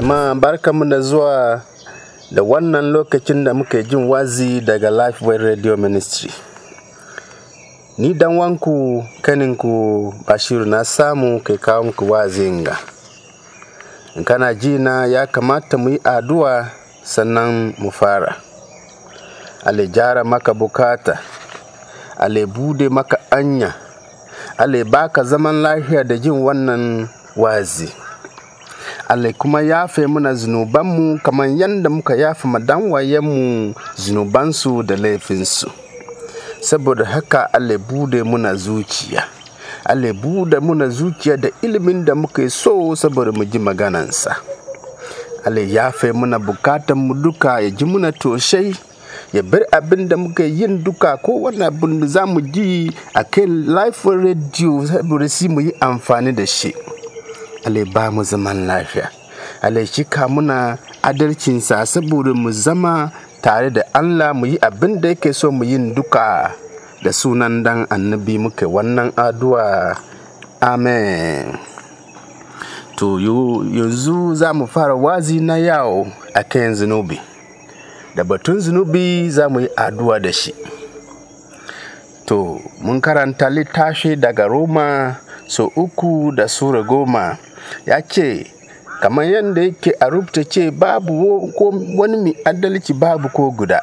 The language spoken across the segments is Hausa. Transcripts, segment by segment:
jama'a barkanmu da zuwa da wannan lokacin da muka jin wazi daga lifeway radio ministry ni dan wanku kaninku bashiru na samu kai kawo muku wazin ga in kana ji na ya kamata mu yi addu'a sannan mu fara ale jara maka bukata ale bude maka anya ale baka zaman lafiya da jin wannan wazi Allah kuma yafe muna zinubanmu kamar yadda muka yafe madanwayenmu zunubansu da laifinsu saboda haka Allah bude muna zuciya Allah bude muna zuciya da ilimin da muka so saboda mu ji maganansa Allah yafe muna bukatan mu duka ya ji muna toshai ya bar abin da muka yin duka ko wani abin da za mu ji a kan life radio saboda si mu yi amfani da shi Allah ba mu zaman lafiya Allah shika muna adalcinsa saboda mu zama tare da Allah mu yi abin da yake so mu yin duka da sunan dan annabi muke wannan addu'a amen to yanzu za mu fara wazi na yawo a kan zunubi da batun zunubi za mu yi addu'a da shi to mun karanta littafi daga roma so uku da sura goma ya ce kamar yadda yake a rubuta ce babu wani mai adalci babu ko guda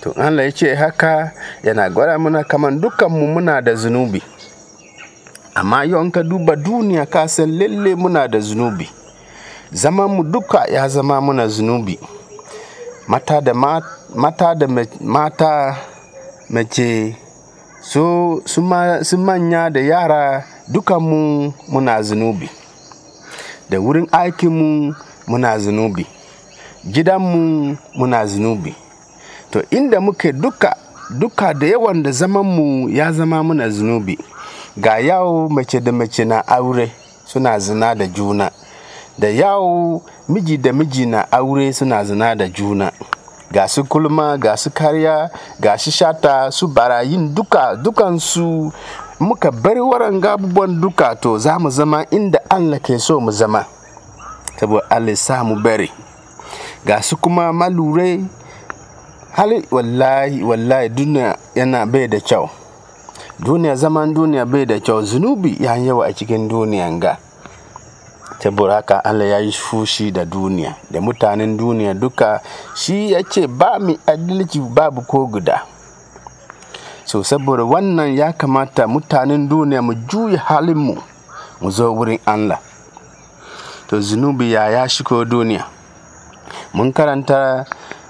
to Allah ya ce haka yana gwada mana kamar dukanmu muna da zunubi amma yawan ka duba duniya ka san lalle muna da zunubi zaman mu duka ya zama muna zunubi mata da mata da mata mace su manya da yara dukanmu muna zunubi da wurin aikinmu muna zunubi gidanmu muna zunubi to inda muke duka duka da yawan da zamanmu ya zama muna zunubi ga yawo mace da mace na aure suna zina da juna da yawo miji da miji na aure suna zina da juna ga su kulma ga su karya ga su shata su barayin duka dukansu muka bari waran gabubuwan duka to za mu zama inda Allah ke so mu zama saboda Allah sa mu bari ga su kuma malurai hali wallahi wallahi duniya yana bai da kyau duniya zaman duniya bai da kyau zunubi ya yawa a cikin duniyan ga saboda haka Allah ya yi fushi da duniya da mutanen duniya duka shi ya ce ba mi adalci babu ko guda so saboda wannan ya kamata mutanen duniya mu juya halinmu mu zo wurin allah to zunubi ya ya shigo duniya mun karanta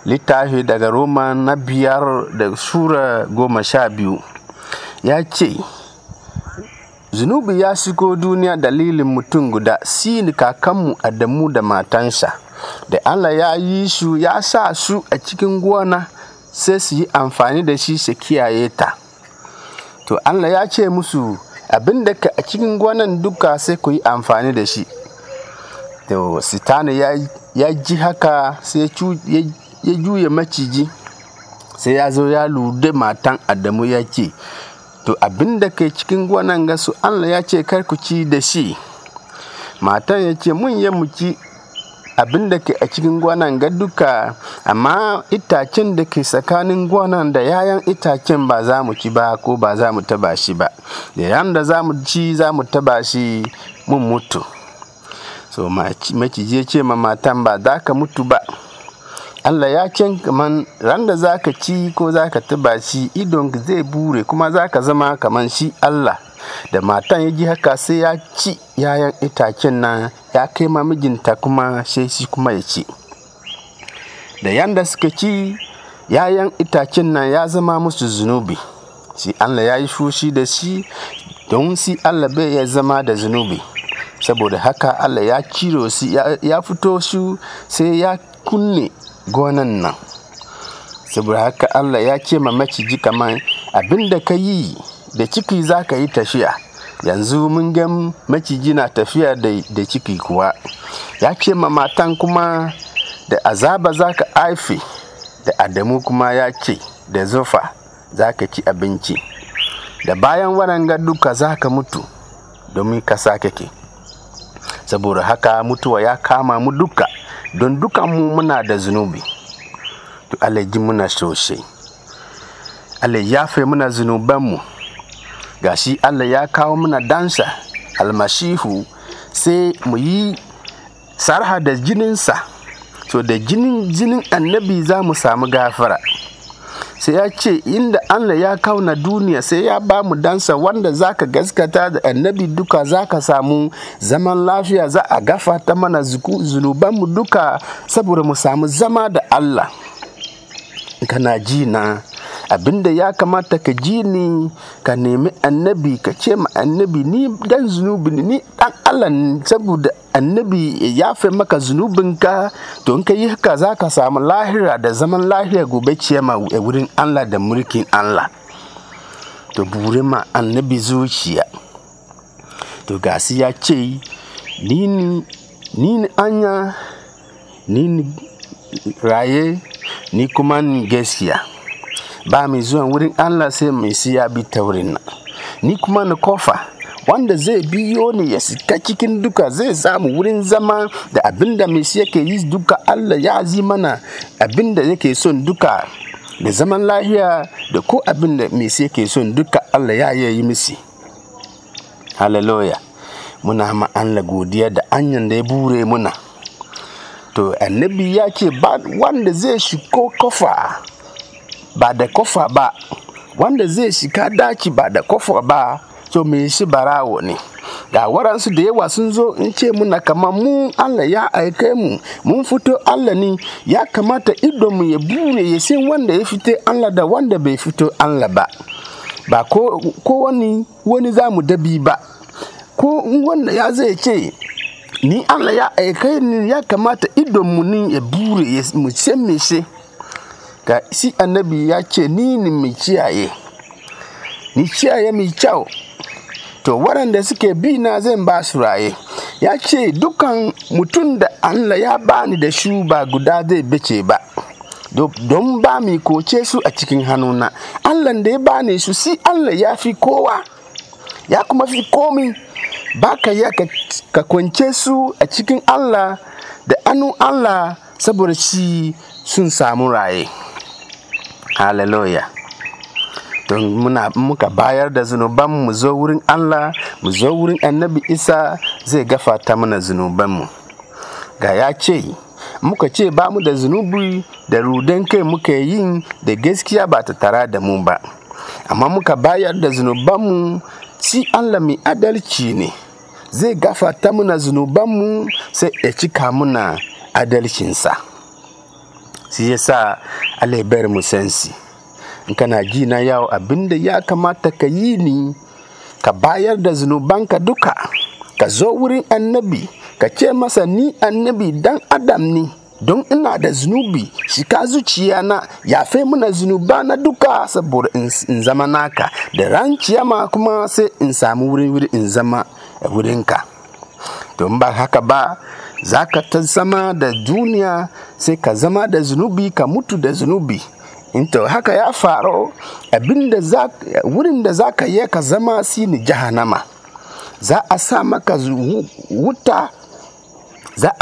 littafi daga roma na biyar da sura goma sha biyu ya ce zunubi ya shigo duniya dalilin mutum guda si ni kakanmu adamu da matansa da allah ya yi su ya sa su a cikin gona sai su yi amfani da shi su kiyaye ta to Allah ya ce musu abin da ka a cikin gonan duka sai ku yi amfani da shi to sitana ya ji haka sai ya juya maciji sai ya zo ya lude matan adamu ya ce to abin da ke cikin gonan gasu allah ya ce karku ci da shi matan ya ce mun ya muci abin da ke a cikin gwanan ga duka amma itacen da ke tsakanin gwanan da yayan itacen ba za mu ci ba ko ba za mu taba shi ba da yayan da za mu ci za mu taba shi mun mutu so maciji ce ma matan ba za ka mutu ba Allah ya can kaman ran da za ka ci ko za ka taba shi idon zai bure kuma za ka zama kaman shi Allah da matan ya ji haka sai ya ci yayan itacen nan ya kai ma mijinta kuma sai shi kuma ya ci da yanda suka ci yayan itacen nan ya zama musu zunubi si Allah ya yi fushi da shi don si Allah bai ya zama da zunubi saboda haka Allah ya ciro su ya fito su sai ya kunne gonan nan saboda haka Allah ya ce ma maciji kaman abin da ka yi da ciki za ka yi tafiya yanzu mun ga maciji na tafiya da ciki kuwa ya ce ma matan kuma da azaba za ka haife da adamu kuma ya ce da zufa za ka ci abinci da bayan waɗanga duka za ka mutu domin kasa kake saboda haka mutuwa ya kama mu duka don dukanmu muna da zunubi to ji muna sosai Allah ya fe muna zunubanmu ga shi Allah ya kawo muna dansa almashihu sai mu yi sarha da jininsa so da jinin jinin annabi za mu samu gafara sai ya ce inda Allah ya kawo na duniya sai ya ba mu dansa wanda za ka gaskata da annabi duka za ka samu zaman lafiya za a gafa ta mana zunubanmu duka saboda mu samu zama da Allah kana ji na abinda ya kamata ka ji ni ka nemi annabi ka ce ma annabi ni dan zunubi ni dan Allah saboda annabi ya fi maka zunubinka to in ka yi haka za ka samu lahira da zaman lahira gobe ciyama wurin Allah da mulkin Allah to bure ma annabi zuciya to gasi ya ce ni ni anya ni raye ni kuma ni gaskiya ba mai zuwa wurin Allah sai mai siya bi ta wurin nan ni kuma na kofa wanda zai biyo ni ya sika cikin duka zai samu wurin zama da abin da mai siya ke yi duka Allah ya zi mana abin da yake son duka da zaman lahiya da ko abin da mai siya ke son duka Allah ya yi misi hallelujah muna ma Allah godiya da anyan da ya bure muna to annabi ya ce ba wanda zai shiko kofa ba da kofa ba wanda zai shiga daki ba da kofa ba to me shi barawo ne ga waransu da yawa sun zo in ce muna kamar mu Allah ya aike mu mun fito Allah ne ya kamata mu ya bune ya sai wanda ya fito Allah da wanda bai fito Allah ba ba ko, ko wani wani za mu dabi ba ko wanda ya zai ce ni Allah ya aike ni ya kamata mu ne ya bure ya mu ce me shi ga si annabi ya ce ni ne mai ciyaye ni ciyaye mai kyau to waɗanda suke bi na zan ba su raye ya ce dukan mutum da allah ya bani da shu ba guda zai bace ba don ba mi koce su a cikin hannuna allah da ya bani su si allah ya fi kowa ya kuma fi komi ba ka ya ka kwance su a cikin allah da anu allah saboda shi sun samu raye. Hallelujah. don muna muka bayar da zunuban mu zo wurin Allah mu zo wurin annabi Isa zai gafata mana mu ga ya ce muka ce ba mu da zunubi da rudan kai muka yi da gaskiya ba ta tara da mu ba amma muka bayar da zunubanmu si Allah mai adalci ne zai gafata mana mu sai ya cika muna adalcinsa. shi sa Allah ya mu sansi in kana ji na yawo abinda ya kamata ka yi ni ka bayar da ka duka ka zo wurin annabi ka ce masa ni annabi dan adam ni don ina da zunubi shika zuciya na yafe mana zunuba na duka saboda in zama naka da ran ciyama kuma sai in samu wurin wuri in zama a wurinka don ba haka ba za ka ta zama da duniya sai ka zama da zunubi ka mutu da zunubi to haka ya faru abinda wurin da za ka yi ka zama si ni jahannama za a sa maka wuta za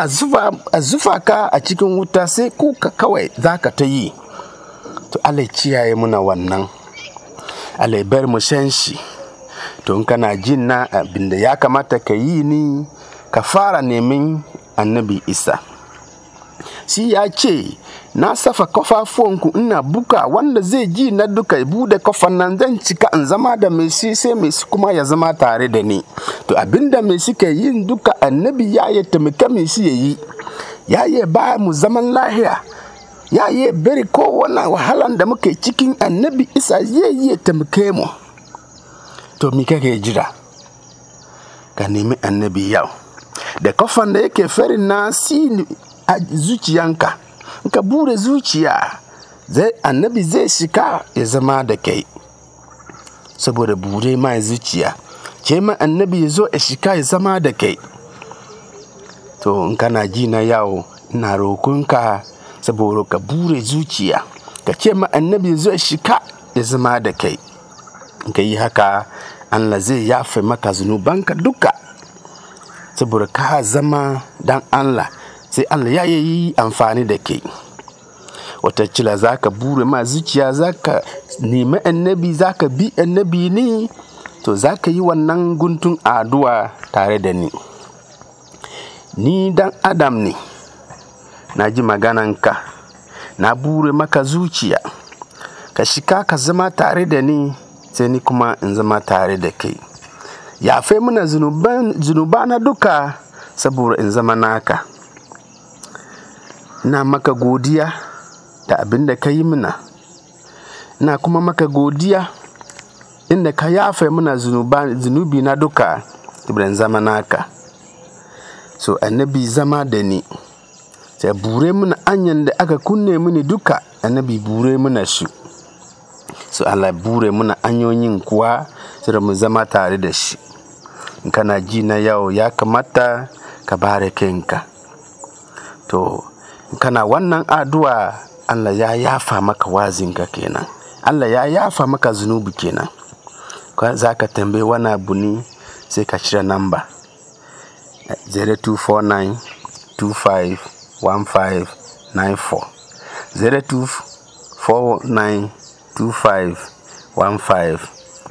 a zufa ka a cikin wuta sai kuka kawai za ka ta yi to alai ciyaye muna wannan alai bar mu san shi to in kana jin na abinda ya kamata ka yi ni ka fara neman annabi isa shi ya ce na safa kafafuwanku ina buka wanda zai ji na duka bude kafan nan zan cika in zama da mai shi sai mai shi kuma ya zama tare da ni to abinda mai shi ke yin duka annabi ya yi taimaka mai shi ya yi ya yi ba mu zaman lahiya ya yi bari kowane wahalan da muke cikin annabi isa ya yi taimake mu to mi kake jira ka nemi annabi yau da kafan da yake farin na si a zuciyanka ka bude zuciya zai annabi zai shika ya zama da kai saboda ma mai zuciya ce ma annabi ya zo ya shika ya zama da kai to in kana ji na yawo ina rokunka saboda ka bure zuciya ka ce ma annabi ya zo ya shika ya zama da kai in ka yi haka Allah zai yafe maka zunubanka duka saboda ka zama dan Allah sai Allah ya yi amfani da ke watakila za ka bure ma zuciya za ka nemi annabi za ka bi annabi ne to za ka yi wannan guntun addu'a tare da ni ni dan adam ne na ji magananka na bure maka zuciya ka shika ka zama tare da ni sai ni kuma in zama tare da kai yafe mana zunuba na duka saboda in zama naka na maka godiya da abin da ka yi mana na kuma maka godiya inda ka yafe mana zunubi na duka saboda in zama naka so annabi zama da ni sai bure muna anyan da aka kunne mini duka annabi bure muna shi so Allah bure mana anyoyin kuwa sai mu zama tare da shi in kana ji na yau ya kamata ka bare kanka to in kana wannan addu'a Allah ya yafa maka wazinka kenan Allah ya yafa maka zunubi kenan za ka tambaye wani abu ne sai ka cire namba 0249